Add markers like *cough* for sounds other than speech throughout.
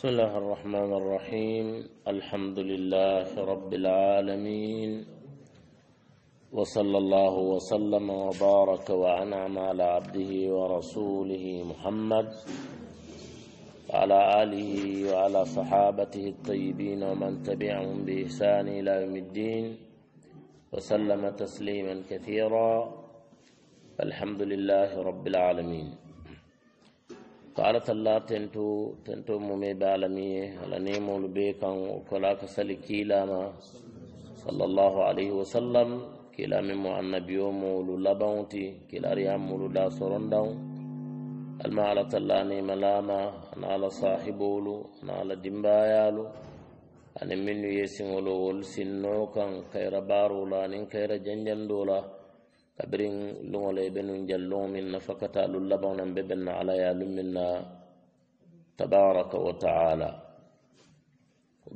بسم الله الرحمن الرحيم الحمد لله رب العالمين وصلى الله وسلم وبارك وانعم على عبده ورسوله محمد وعلى اله وعلى صحابته الطيبين ومن تبعهم باحسان الى يوم الدين وسلم تسليما كثيرا الحمد لله رب العالمين ko ala talla tento tento mume be alami ye ala nemolu be kan o kola ka sali kiilama sallallahu alayhi wa sallam kiilami mo annabiyo molu labanti kilariyamolu la sorondan alma ala talla nemalama ana ala sahibolu ana ala dimbayalu ani minnu ye siŋolo wolu sinno kan kayira baarola anin kayira janjandola أبرين لغلا بنو جل لوم النفقة للبون ببن على يلمنا تبارك وتعالى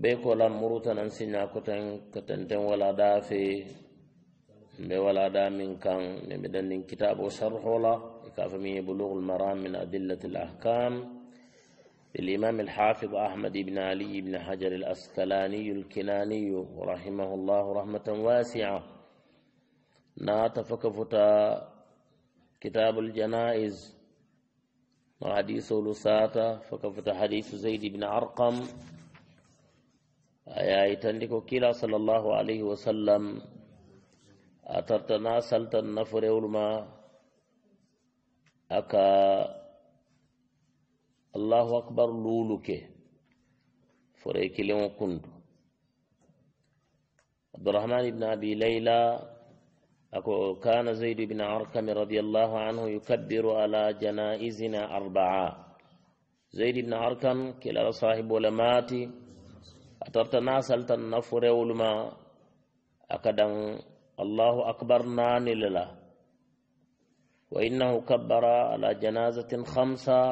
بيكو لام مروتا ننسينا كتن كتنتن ولا دافي مي ولا دا من كان نبدن كتاب وشرحه لا كافمي بلوغ المرام من أدلة الأحكام للإمام الحافظ أحمد بن علي بن حجر الأسكلاني الكناني رحمه الله رحمة واسعة نا تفكفتا كتاب الجنائز وحديث لساتا فكفتا حديث زيد بن عرقم آياتاً لكو كلا صلى الله عليه وسلم أترتنا سلطن نفر علماء أكا الله أكبر لولوك فريك لون كند عبد الرحمن بن أبي ليلى أكو كان زيد بن أركم رضي الله عنه يكبر على جنائزنا أربعة زيد بن أركم كلا صاحب ولماتي أترت ناس التنفر ولما أكدن الله أكبر ناني للا وإنه كبر على جنازة خمسة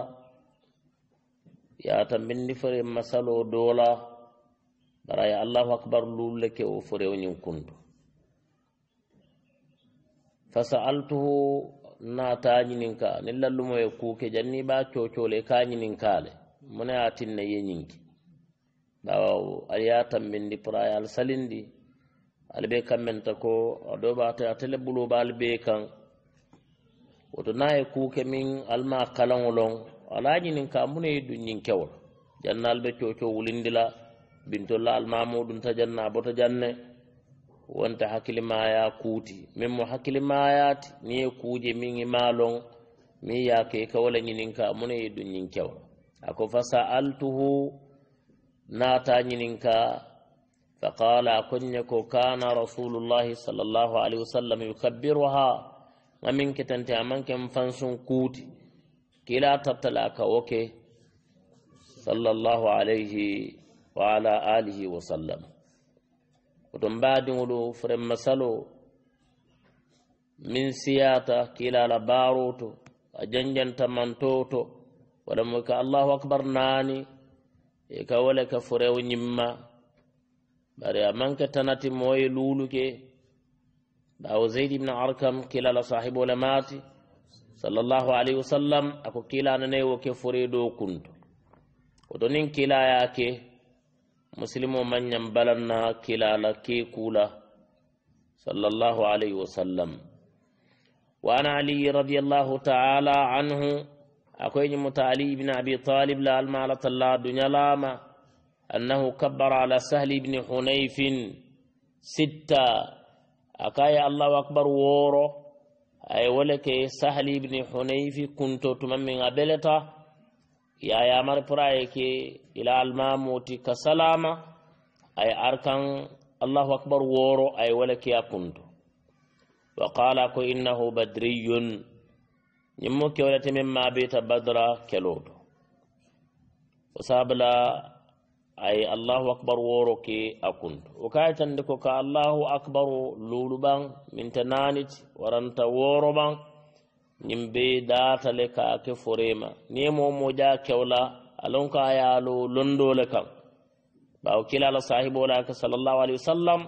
ياتم من نفر مسلو دولا براي الله أكبر لولك وفريون كنتم fa sa'altuhu naata ñininka ni lallumoye kuuke janni ba coocole ka ñininkaale mune a tinna ye ñinki bawa aliya tambindi poraye al salindi ali be kammenta ko ado bata atele buloɓaali be kan woto na ye kuuke min alma kalaŋolon ala ñininka mune ye du ñinkewol janna al be cooco wulindila bintolla almamuɗum ta janna bota janne wonta hakkilemaya kuuti min mo hakkilemayati ni ye kuuje min e maalon min yake ka wala ñininka muna ye ɗum ñin kewa ako fa saaltuhu naata ñininka fa qala a koñe ko kana rasulullahi salllahu alayhi wa sallam yukabbiruha ga min ketante amanken fansun kuuti kila tattala ka woke salllahu alayhi wa ala alihi wa sallam oɗon mbaadiŋolu frema salo min siyata kiilala baaru to a janjanta manto to wala mo ka allahu akbar naani e ka wala ka furewo ñimma bari a manke tanati moye luuluke ɓaawo zeyd ibne arkam kiilala sahibole maati sallllahu alayhi wa sallam ako kiilananayi wo ke fure ɗo kunto oɗo nin kiilayaake مسلمو من ñam balanna kilala صلى الله عليه وسلم وانا علي رضي الله تعالى عنه أكوين متعلي بن أبي طالب لا المعلة الله دنيا لاما أنه كبر على سهل بن حنيف ستة أكاي الله أكبر وورو أي ولك سهل بن حنيف كنت تمم أبلتا yayamar fura yake ila almamoti ka salama a yi arkan allahu akbar woro yi wala kiya kundu wa qala ko innahu badriyun muke kewlete min ma beta badra keloɗo sabula a yi allahu akbar woro ke a kuntu. kayi kayitande ko ka allahu akbar lulu minta naniti waranta woro ban niŋ bee daata le ka a ke forema niŋ ye moo moo jaa kewla a loŋ ko a ye a loo londoo le kaŋ bawo kila la sahiboo le a ke salallahu alayhi wa sallam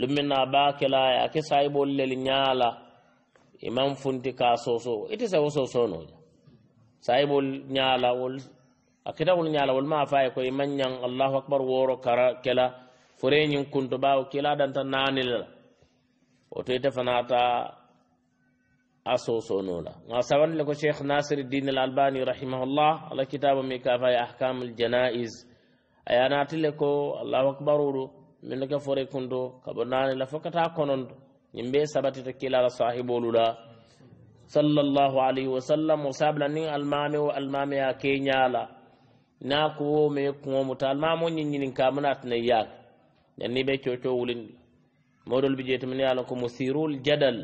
luŋ meŋ na a baa ke la a ye a ke sahiboolu le le ñaa la i maŋ funti ka a soosoo ite se wo soosoo noo ña sahiboolu ñaa la wolu a kitabolu ñaa la wolu maŋ a fo a ye ko i maŋ ñaŋ allahu akbar wooro kara ke la foree ñiŋ kunto bawo kila danta naani le la woto ite fanaa taa أصوصونونا ما سوان لكو شيخ ناصر الدين الألباني رحمه الله على كتاب ميكافة أحكام الجنائز أيانات لكو الله أكبر من لك فريقون دو كبرنان لفكتا كونند يمبي سبتي تكيلا صاحب لولا صلى الله عليه وسلم وصاب لني المامي والمامي لا ناكو مي كومو تالمامو نين كامنات نياك يعني بيتشو تشو ولين مودل من يالكم مثيرو الجدل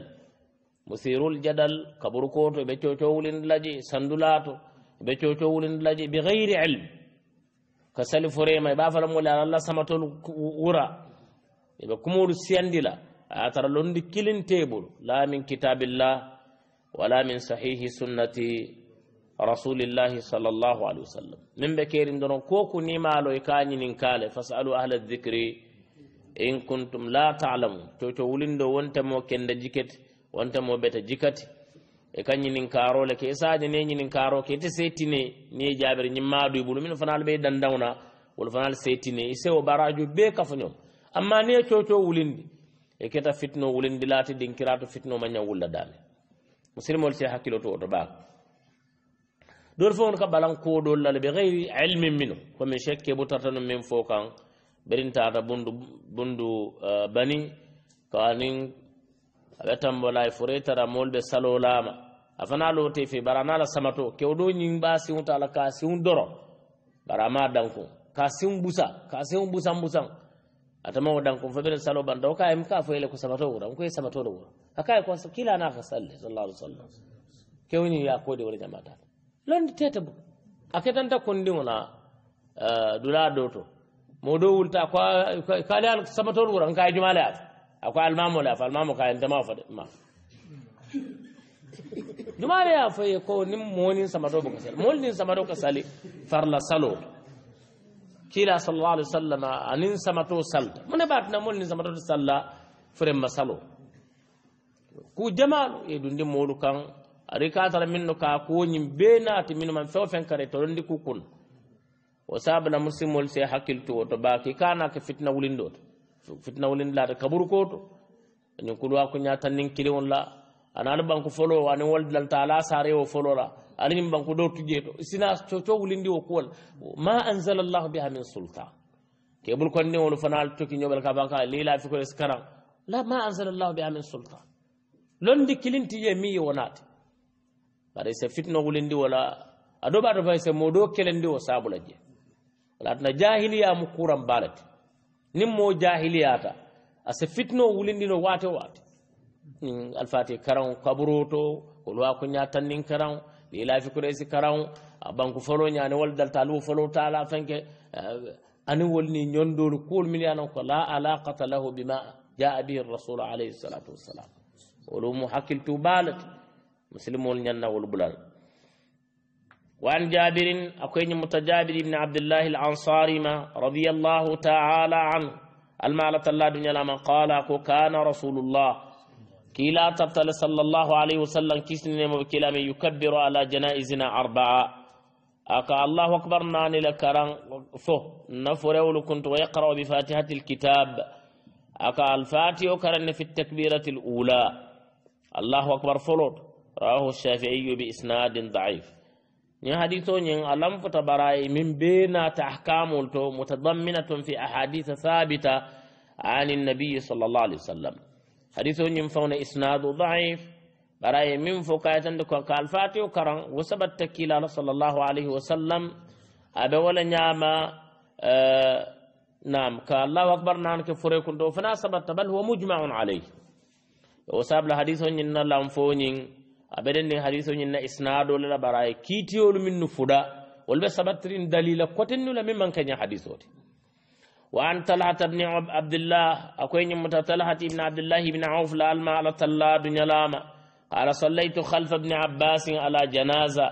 musirul jadal kaburu koto ɓe cocowulin laji sandulato ɓe cocowulin laji bi gayri ilm ka sali forema ɓa fala mole ala allah samatol wura eɓe kumolu siyandila a tara londi kilin tebol la min kitabillah wala min sahihi sunnati rasulillahi sallllahu alih wa sallam min ɓe kerin donon ko ku nimalo e kañinin kale fasalu ahla dicri in kuntum la talamun coco wulindo wontemo kende jikete wontamo beta jikati e kañinin karole ke e sadi ne ñinin karo ke te settine ni e jaɓere ñimmaduy ɓulu e min fanal ɓe dandawna wol fanal settine i e sewo baraju be kafañom amma ni e coco wulindi e keta fitno wulindi lati dinkirato fitno maña wulla dame musilmol se hakkilo to oto ɓaka ɗor fo on ka ɓalan koɗollal ɓe hayri ilmin mino komin chekke bo tartano min fo kan ɓerin tata bundu bundu eh, bani kanin aɓe tambola e forey tara molɓe salolama afana lote fe bara nala samato kewɗo ñimɓa siwta ala ka siw doro bara ma danko ka siw busa ka siw busan busan atama o danko faɓene salo banda o em ka foyle ko samato wura ko ye wura hakaye ko kilanaka salle sallah alih w sallam kewni yakode wara ñamatata londi tete bo a ketanta kondiŋona dula doto modo wulta ko kale al wura nka jumale ata a ko almamo le a fo almamo ka ndemao fo de ma *laughs* dumaale a foye ko nin moonin samato boka sali mool nin samato ka sali farla salo kiila salallah alih wa sallam anin samato sal mu ne baatina mool nin samato to salla forenma salo ku jamaalu e dundi moolu kan ari katara min no kaa kuwoñin bee naati minu man fewo feŋ kare toronndi kukkun o saabana musimol si hakkiltuwo to baaki kaanaake fitna wulindoto fitna wolin laata kaburu koto ñin kuluwa ko ñatan nin won la anan ban ko folo ani wol dal taala sare wo folo la ani ban ko do to sina to to wolin di wo kuwol ma anzala allah biha min sulta ke bul ko ni wol fanal to ki nyobal ka banka lila fi koye skaran la ma anzala allah biha min sulta lon di kilinti ye mi ye bare se fitna wolin di wala aɗo ɓato fay se moɗo kelendi wo sabula je latna jahiliya mu kuran balati nin mo jahiliyata ase fitno wulindino waate waate nin alfati karaŋo kaburo to koluwa ko ñatannin karaŋo lilafi kuresi karaŋo a banku folo ñani wol dalta aluwo folo taala fenke ani wol ni ñondolu kuwol min yanon ko la alaqata lahu bima jaa bihi rasulu alayhi salatu wassalam wolu mu hakkiltu baalati musilimol ñannawol bulal وعن جابر أكوين متجابر بن عبد الله الأنصاري ما رضي الله تعالى عنه المالة الله دنيا لما قال أكو كان رسول الله كلا تبتل صلى الله عليه وسلم كسن وكلام يكبر على جنائزنا أربعة أكا الله أكبر ناني لكران فه نفرول كنت ويقرأ بفاتحة الكتاب أكا الفاتح كرن في التكبيرة الأولى الله أكبر فلوت رواه الشافعي بإسناد ضعيف ني حديثو نين علم فتبراي من بين تحكام التو متضمنه في احاديث ثابته عن النبي صلى الله عليه وسلم حديثو نين فون اسناد ضعيف براي من فكايت اند كو قال فاتيو كران وسبت تكيل صلى الله عليه وسلم ابي ولا نياما نعم قال الله اكبر نانك فري كنتو فنا سبت بل هو مجمع عليه وساب الحديث ان الله فونين abeɗen nin hadise ñinna isnaɗole la bara e kiitiyolu min no fuɗa wolɓe sabattirin dalila kotennula min man kaña hadisoti wa an talhata bni abdillah akoye ñimmota talhati ibne abdillahi auf la alma ala talladu ñalama ala sallaytu halfa bni abbasin ala janaza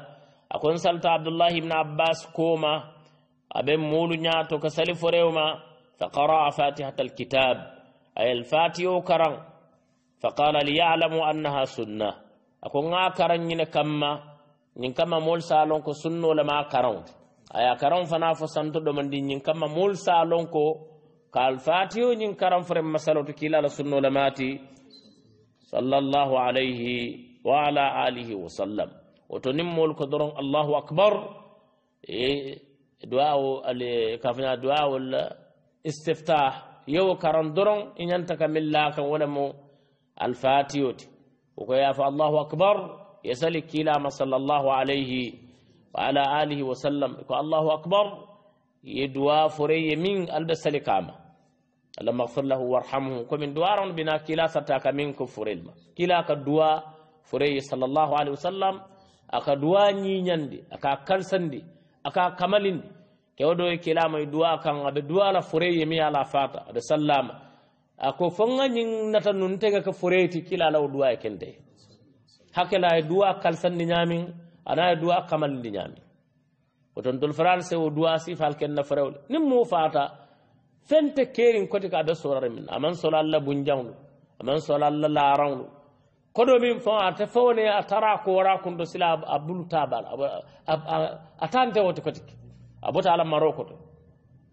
akon abdullah ibn abbas kuma abem mulu ñaato ka sali forewma fa qaraa fatihata alkitab ay alfatiyo karan fa qala liyalamu annaha ako ŋa karan ñine kamma ñiŋ kamma moolu se a loŋ ko sunno le maa karaŋo ti a ye a karaŋo fanaŋ fo santo domandi ñiŋ kamma moolu se a loŋ ko ka alfatiyo ñiŋ karaŋ foreŋ masalo to kiila la sunno le maa ti sallallahu alayhi wa ala alihi wa sallam woto niŋ moolu ko doroŋ allahu akbar duwawo kafaña duwawol istiftah yewo karan doroŋ i ñanta ka miŋ laa kaŋ wo le mu alfatiyo ti وكيا فالله أكبر يسلك إلى ما صلى الله عليه وعلى آله وسلم الله أكبر يدوا فري من البسل كامه اللهم اغفر له وارحمه كم من دوار بنا كلا ستاك منك فريلما كلا كدوا فري صلى الله عليه وسلم أكا دوا دي أكا دي أكا كمالين دي كيودو كلا ما يدوا كان أبدوا لفري يمي على فاتح هذا سلام ako fonga ñing nata nun tega ka foreti kilala o duwa e kende hake e duwa ni ñamin ana e duwa kamalndi ñamin oton faral france o duwa ken na forewle nin mo fata fente kerin koti ka da sorare min aman solo allah bunjawlu aman solo allah laranlu koɗo min fon ate fowne a tara ko wora kun do sila abul tabal a tante wote koti a bota ala maro koto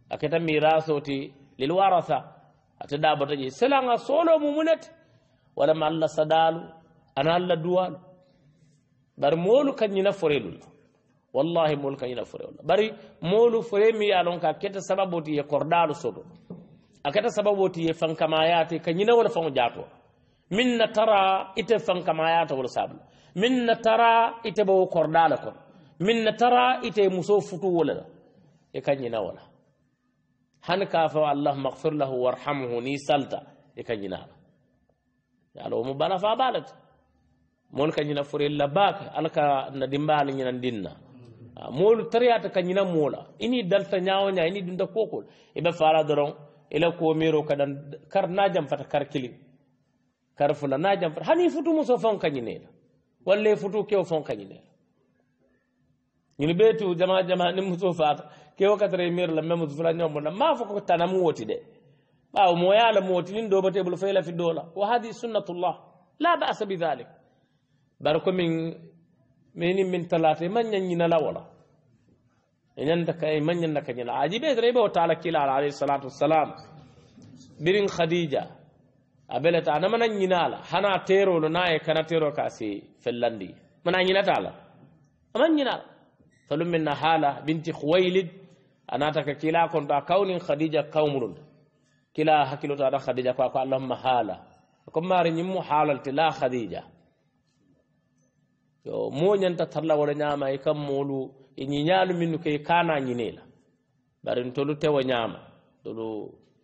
a keta mirasoti lil waratha ate ɗaɓata je selanga solo wala ma allah saɗalu ana allah duwalu bari moolu kañina fure ɗum wallahi moolu kañina fure olla bari molu fure mi ya lon ka keta sababoti ye korɗalu soto a keta sababoti ye fankamayate kañina wala fango jaato min na tara ite fankamayata wala sabu min na tara ite bawo korɗala kon min na tara ite muso futu wala la e kañina wala han ka fa allahumma ighfir lahu warhamhu ni salta e kanyina yalo mu bana fa balat mon kanyina furilla bak alka na dimbal nyina dinna molu tariyata kanyina mola ini dalta nyaawo nya ini dunda kokol e be fara doron ila ko mero kadan kar na jam fata kar kili kar fula na jam fata hani futu muso fon kanyine walle futu kew fon kanyine ñun beetu jama jama ni muso faata ke wakkati re mir la memu fula nyombo na fo ko tanamu woti de ɓawo mo yaala mo woti nin doɓate bolo fayla fi dola wa hadi sunnatullah la basa bi dhalik bara komin minin min talata man ñañinala wala ñanta ka man ñanda ka ñina aji ɓe tara ɓe o taala kilala alayhi salatu wassalam birin khadija a beleta anamana la hana terolo naye kana tero ka si fellandi mana ñinatala aman ñinala falumminna haala binti khuwaylid anata ka kila kon ta kaunin khadija qaumrun kila hakilo ta khadija ko ko allahumma hala ko mari nyimmu halal tila khadija yo moñanta tarla wala ñama e kam molu e ñiñaalu minnu ke kana ñinela bari ntolu tewa ñama tolu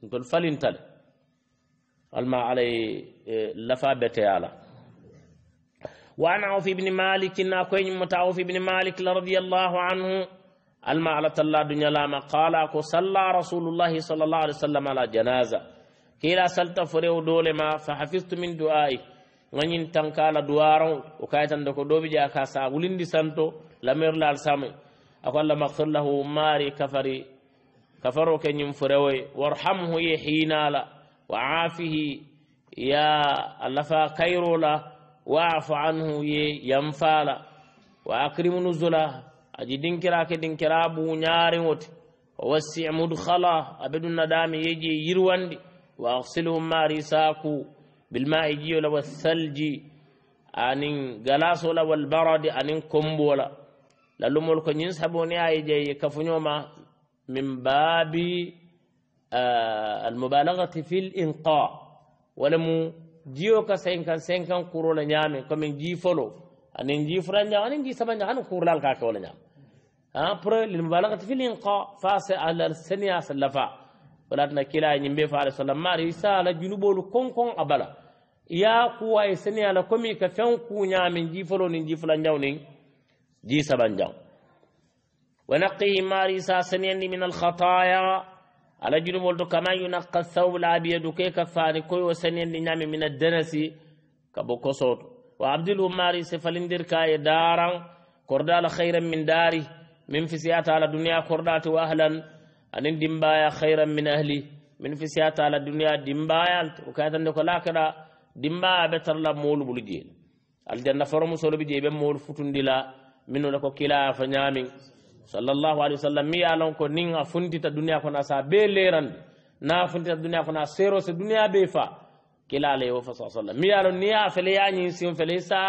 ntolu falintale alma alay lafa beteyala وعن عوف بن مالك ناكوين متعوف بن مالك رضي الله عنه alma ala talla duñalama qala ko salla rasulullahi sall llahu alih w sallam ala janaza kila salta forew dolema fa hafidtu min du'ai gañin tankala duwaron o kayitande ko ɗoɓe ƴa ka sa wulindi santo lamirlal same ako allah mahfir lahu mari kafari kafaro keñin forewoy warhamhu ye hinala wa afihi ya allah fa kayrola waafu anhu ye yamfala wa acrim nuzulah أجي دينكرا كدينكرا بونياري موت ووسع مدخلا أبدو الندام يجي يروان وأغسلهم ما ريساكو بالماء يجي ولا والثلج أنين غلاس ولا والبرد أنين كمب ولا لألوم الكون ينسحبوني أيجي كفنيوما من باب آه المبالغة في الإنقاء ولمو جيوكا سينكان سينكان كورولا نيامي كومين جي فولو أنين جي فرانجا أنين جي سبانجا أنين كورلال كاكولا نيامي أبر للمبالغة في الإنقاء فاس على السنة سلفا ولكن كلا ينبي فعل صلى الله عليه وسلم جنوب الكون كون أبلا يا قوة السنة على كمي كفن كونيا من جيفلون جيفلان جونين جي سبان جون ونقي ماري ساسنين من الخطايا على جنوب كما ينقى الثوب الأبيض كي كفاني كوي وسنين نعم من الدنس كبوكوسوت وعبد الله ماري سفلندر كاي دارا كردال خيرا من داري min fisiyata ala duniya korɗatu ahlan anin dimbaya hayran min ahli min fisiyata ala duniya dimbayalt o kayitande ko lakira dimbaya ɓe tarla molu ɓolu jeel aljanna foro musoloɓe je ɓe molu futundila minone ko kilaya fo ñamin sallllahu alih wa sallam mi yalon ko nin a funtita duniya kono sa be lerande na funtita duniya kono a sero so duniya be fa kilala yewo fa sa sallam mi yalon ni ya fele yañin sin fele sa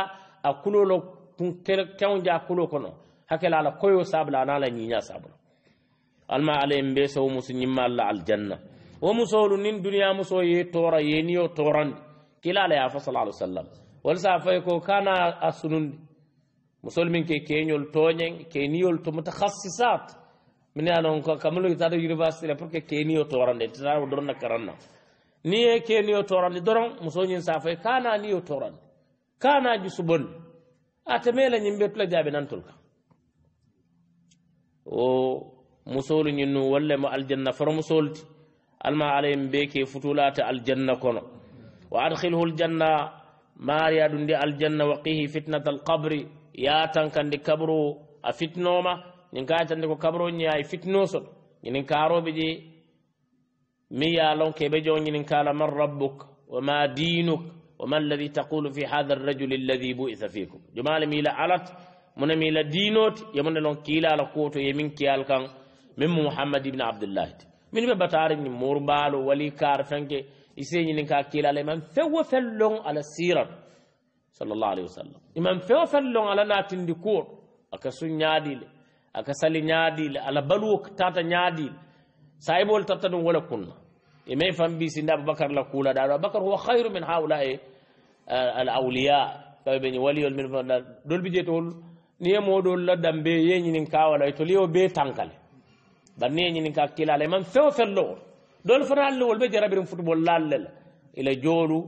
a kulolo kun kew ja kulo kono hakela ala koyo sabla ana la ñiña sabla alma ala en be sow musu ñimma alla aljanna wo musolu nin duniya muso ye tora yeniyo torandi kila ala yafa sala alih sallam wala sa fay ko kana a sunundi musol min ke keñol to mutahassisat min ye lon ko kamalo itata université la pour que keniyo torande tata dorna karanna ni ye keniyo torande doron muso ñin sa fay kana niyo torande kana jusubondi a temela o musolu ñin nu walla mo aljanna foro musolti alma alayhim be ke futulata aljanna kono wa adkhilhu aljanna maariya ɗum nde aljanna wa qihi fitnata alqabri yatan kandi kabro a fitnoma ñin kayi tande ko kabro ñiya e fitno soɗo ñinin karoɓe ƴe mi ya lon keɓe jo ñinin kala man rabbuk wa ma dinuk wa ma alladi taqulu fi hatha alrajuli alladi bu'itha fikum jomale mi ila alat من ميلا دينوت يمن لون كيلا لكوت يمين كيال كان من محمد ابن عبد الله من بتاري ني موربالو ولي كارفنكي يسيني نكا كيلا لمن فو فلون على السيره صلى الله عليه وسلم امام فو فلون على ناتين دي كور اكا سنيادي اكا على بلوك تاتا نيادي سايبول تاتا ولا كنا امام فام بي سيدنا ابو بكر لا كولا دار بكر هو خير من هؤلاء الاولياء فبني ولي من دول بيجي تقول ni ye moodol la dambe ye ñininka wala itolu yewo bee tankale bari ni ye ñininka kilala man fewo fen lowo doolu fana alle wol be jarabirin football laalle la ila joolu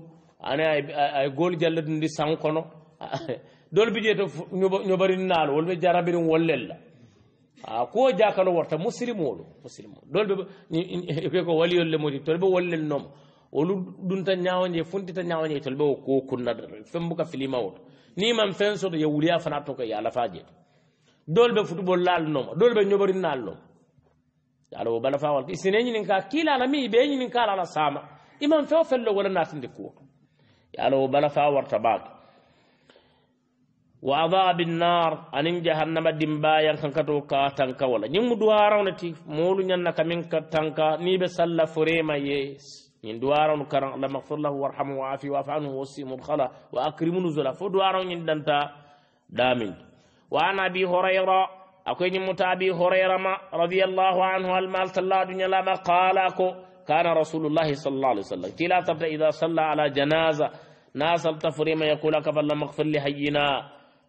ana ay gool jalle dundi san kono doolu bi jeeto ñobarin naalo wol be jarabirin wollel la a kuwo jakalo warta musilimolu musilimolu doolu be ke ko waliyol le moti tolu be wollel nooma wolu dunta ñawoñe funtita ñawoñe tolu be wo ko kunna fembuka filima woto ni man fenso de ye fana to ko yalla lafa dolbe dol football lal nom dolbe nyobori nal yalla wo bala fa ti isine nin ka kila la mi be nin ka la sama imam fe fello wala natinde ko yalla wo bala fa warta baake wa adaa binnar anin jahannama kan kato ka tanka wala ñin mu duwarawne ti moolu ñanna kamin ka tanka ni be salla forema ye من دوار كرن الله مغفر له وارحمه وعافي وعف عنه ووسع مدخله واكرم نزله فدوار يندنتا دامن وعن ابي هريره اكوين مت ابي هريره ما رضي الله عنه المال صلى دنيا لما قال اكو كان رسول الله صلى الله عليه وسلم كلا تبدا اذا صلى على جنازه ناس التفريم يقول لك فالله مغفر لهينا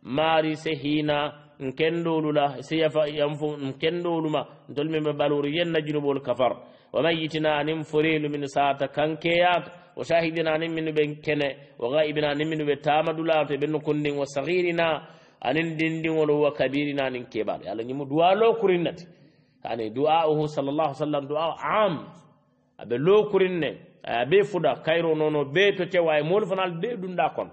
ماري سهينا نكندول الله سيف ينفو نكندول ما ظلم ببالور ينجنب الكفر wo man yitina anin forelu min sata kankeyata wo sahidina anin min ɓe kene wo gaybina anin min ɓe tamadulato ɓe nokundin wo sahirina anin dindiwol huwa kabirina anin keɓaɗo allah ñimo duwa lokurinnati ani du'a uhu sall llah sallam du'a am aɓe lokurinne aya ɓe fuɗa kayro nono ɓe to cewa e moolu fanal ɓe ɗumɗa kon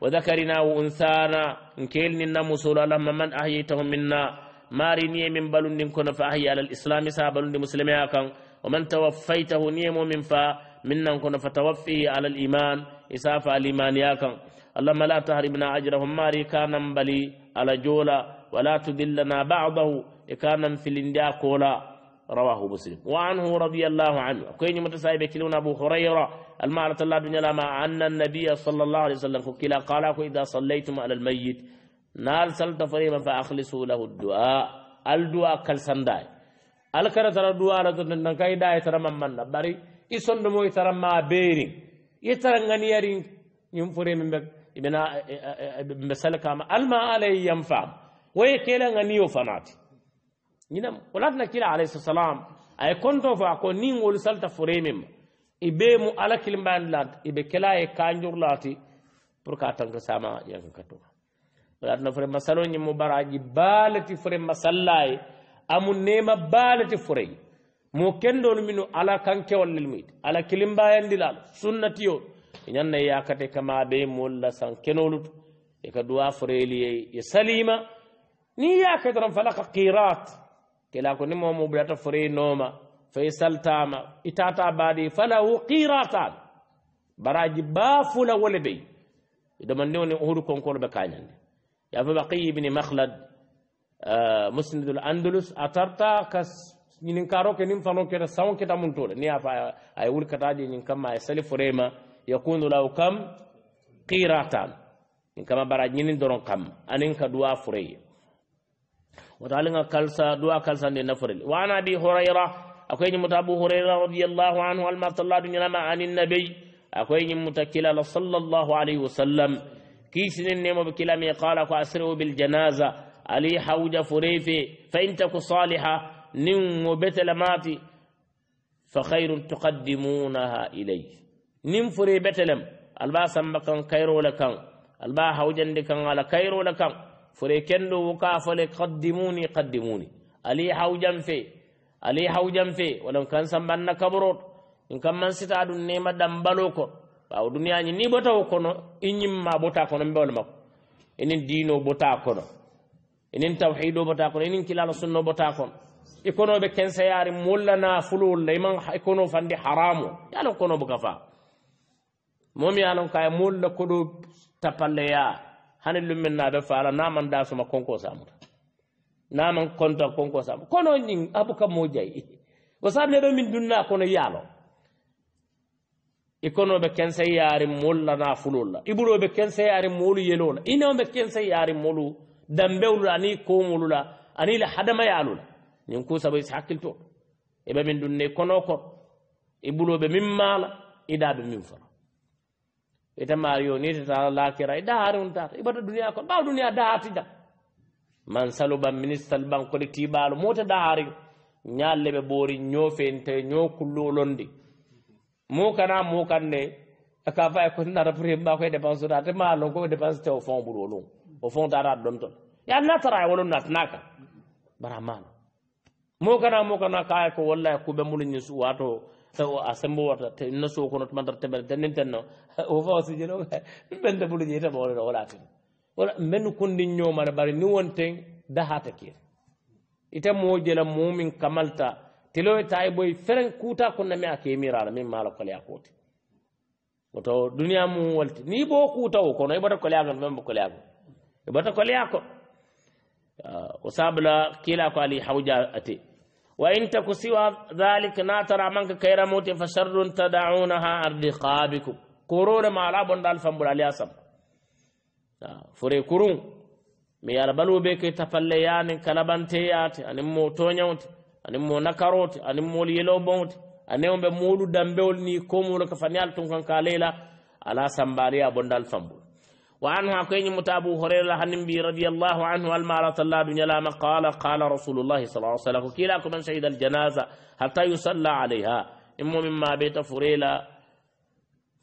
wo dakarina wo unsana n kelninna musolo allahma man ahyitahu minna mari ni min balundin kono fa ahya alal islami sa balundi muslimi akan wa man tawaffaytahu ni mo min fa minnan kono fa tawaffihi alal iman isafa al iman yakan allahumma la tahrimna ajrahum mari kanan bali ala jola ولا تدلنا بعضه إكانا في الانديا كولا رواه مسلم وعنه رضي الله عنه كين متسايب كلون أبو هريرة المعرة الله دنيا لما أن النبي صلى الله عليه وسلم كلا قال إذا صليتم على الميت نال سلت فريما فأخلصوا له الدعاء الدعاء كالسنداي الكرة ترى الدعاء لتنن كايدا يترى من من نباري يسند نمو يترى ما بيرين يترى غنيارين ينفري من بك ابن مسلك الماء عليه ينفع ويكيل غنيو فناتي ñinam نعم kila alayhi salam ay konto fa ko ni ngol salta furemim ibe mu ala kilimban lat ibe kala e kanjur lati pour ka tanka waɗatno fore masaloñi mo baraji baalati fore masallaye amu nema baalati forey mo kendolu minu ala kankewallel muyde ala kilimbayandilal sunnati o ñanna yakate kama ɓe molla san kenoluto e ka duwa foreli e salima ni yakate tan falaka qirat kela ko ni momo ɓurata forey nooma fay saltama itata baade falahu qiratan baraji baafula wole ɓey ɗomande woni ohudu konkolo ɓe kañande يا بقي بن مخلد مسند الأندلس أترتا كس ñinin karo ke nim fano ke sawon ke tamun tole ni afa ay wul kata di ñin kama ay sali furema yakunu law kam qiratan ñin kama bara ñinin doron kam anin ka duwa furey wata alinga kalsa duwa kalsa ne na furel wa ana bi hurayra akwai ñin mutabu hurayra radiyallahu anhu alma sallallahu alaihi wa sallam anin nabiy akwai ñin mutakila sallallahu alaihi wa sallam كيسن نيمو بكلامي قال فأسروا بالجنازة علي حوجة فريفي فإن تكو صالحة نم بتلماتي فخير تقدمونها إليه نم فري بتلم البا سمبكن كيرو لكن البا حوجن لكن على كيرو لكن فري كندو وكافل قدموني قدموني علي حوجن في علي حوجن في ولو كان سمبنا كبرot إن كان من ستعد نيمة دنبلوكو kaw duniyaji ni bota kono inñimma bota kono mbewna makko enen diino bota kono enen tawhido bota kono enen kilala sunno bota kono ikonoɓe kenseyari mollana fulowol la iman ikono fande haramu yalon kono boka fa momi yalon kaye molla koɗo tapalleya hani lummen naɓe fala naman dasuma konko samuta naman konta konko samuta kono ñin abuka mo jayi o sabneɗo min dunna kono yalon ikono be kense yaari molla na fulolla ibulo be kense yaari molu yelola ino be kense yaari molu dambewlu ani komulula ani la hadama yalula nyin ku sabai hakil to e be min dunne kono ko ibulo be min mala ida be min fara ita mario ni ta lakira ida harun ta ibata duniya ko ba duniya da hatida man saluba ministre banko de tibalo mota da hari nyalle be bori nyofe nte nyokulolondi mukana mukan ne a ka fa e ko na rafu himba ko e dépense da te ma lon ko e dépense te o fond bu do lon o fond da rat don ton ya na tara ya wolon nas naka bara ma mukana mukana ka ko wallahi ku be mulun ni su wato o a sembo wata te na so ko not mandar te bel denen tenno *laughs* o fa si jelo ben de bulu jeta bolo wala tin wala men ko ndin nyoma bari ni wonten da hata kire ite mo jela mumin kamalta تلوه تاي بوي فرن كوتا كنا مي اكي مي رال مالو كليا كوتي وتو دنيا مو ولت ني بو كوتا و كنا يبر كليا كن مم كليا كن يبر كليا كن وسابلا كيلا كالي حوجا اتي وان تك سوى ذلك ناتر امك كير موت فشر تدعونها ارضقابكم كورون ما لا بندال فمبل الياسم فري كورون مي يربلو بك تفليان كلبنتيات ان موتو نيوتي ani mo nakarote ani mo yelo boŋote aneŋo be moolu dambewolu ni komolu ka fani al tun kan kalela lela ala sambariya bondal fambul wa anha ko ñimu mutabu horela hanim bi radiyallahu anhu al ma'ala talla dunya lama qala qala rasulullah sallallahu alaihi wasallam kila ko man shahida al janaza hatta yusalla alaiha immo mimma beta furela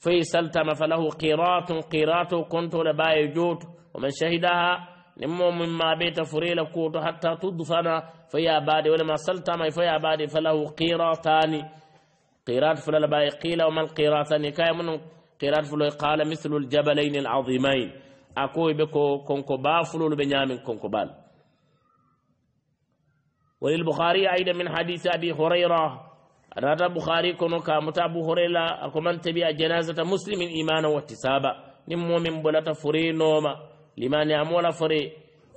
فيسلتم فله قيرات قيرات كنت لبايجوت ومن شهدها نمو مما بيت فريلا كوتو حتى تدفن فيا بادي ولما ما فيا بادي فله قيراطان قيرات فلا باي قيل وما القيراطان كاي من قيرات فلو قال مثل الجبلين العظيمين اكو بكو كونكو بافلو بنيامين كونكو بال وللبخاري ايضا من حديث ابي هريره رات البخاري كونو كامتا ابو هريره اكو من تبي جنازه مسلم ايمانا واحتسابا نمو من بلات فري نوما limani amola fore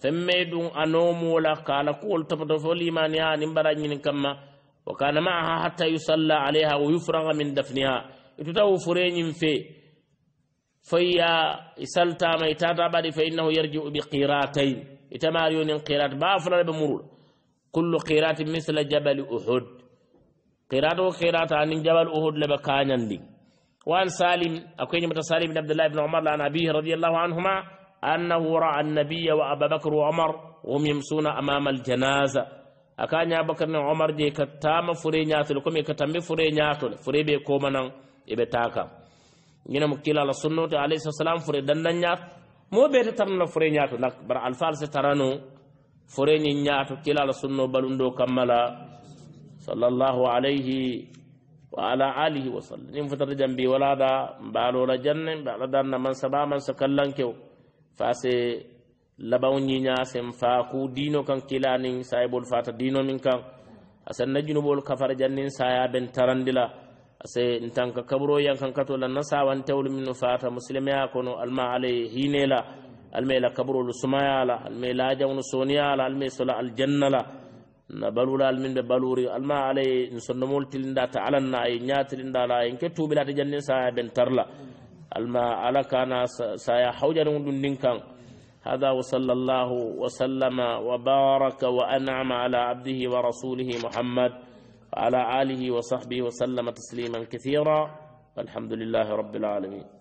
femme ɗum anomola kala kuwol topoto fo limaniya anin bara ñinin kamma wa kana maaha hatta yusalla alayha wa yufraga min dafniha itutawo foreñin fe fayya isaltama itata ɓaɗi fa innahu yarjiu bi qiratain itamariyonin qirat ba fulana ɓe murula kullu qiratin misla jabali uhud qirat o qirata anin jabal uhud leɓe kañandi وعن سالم أكوين متى سالم بن عبد الله بن عمر عن أبيه رضي الله عنهما أنه رأى النبي وأبا بكر وعمر وهم يمسون أمام الجنازة أكان يا بكر وعمر دي كتام فري نياتل كم يكتم فري نياتل فري بي كومنا إبتاكا ينا مكيل على عليه الصلاة والسلام فري دندن نيات مو بيت ترنا فري لك بر الفارس ترانو فري نياتل كيلا على بلندو كملا صلى الله عليه وعلى آله وسلم إن فتر جنبي ولا دا بالو رجن بعد أن من سبا من سكلن كيو fase labaŋo ñiña sen faku dino kan kilanin sayibolu fata dino min kan asen na junubolu kafara jannin saya ben tarandila ase ntanka kaburo yan kan kato lanna sawantewolu minnu fata musilimeya kono alma ala hinela alma ila kaburolu sumayala alma lajaŋonu soniyala alma sola aljannala na balula almin be baluri alma alaye nsonnomolu tilinda ta alanna ay ñatilindala ayinke tubilata jannin saya ben tarla mm -hmm. الما على كان saya hawjanon هذا وصلى الله وسلم وبارك وأنعم على عبده ورسوله محمد وعلى آله وصحبه وسلم تسليما كثيرا والحمد لله رب العالمين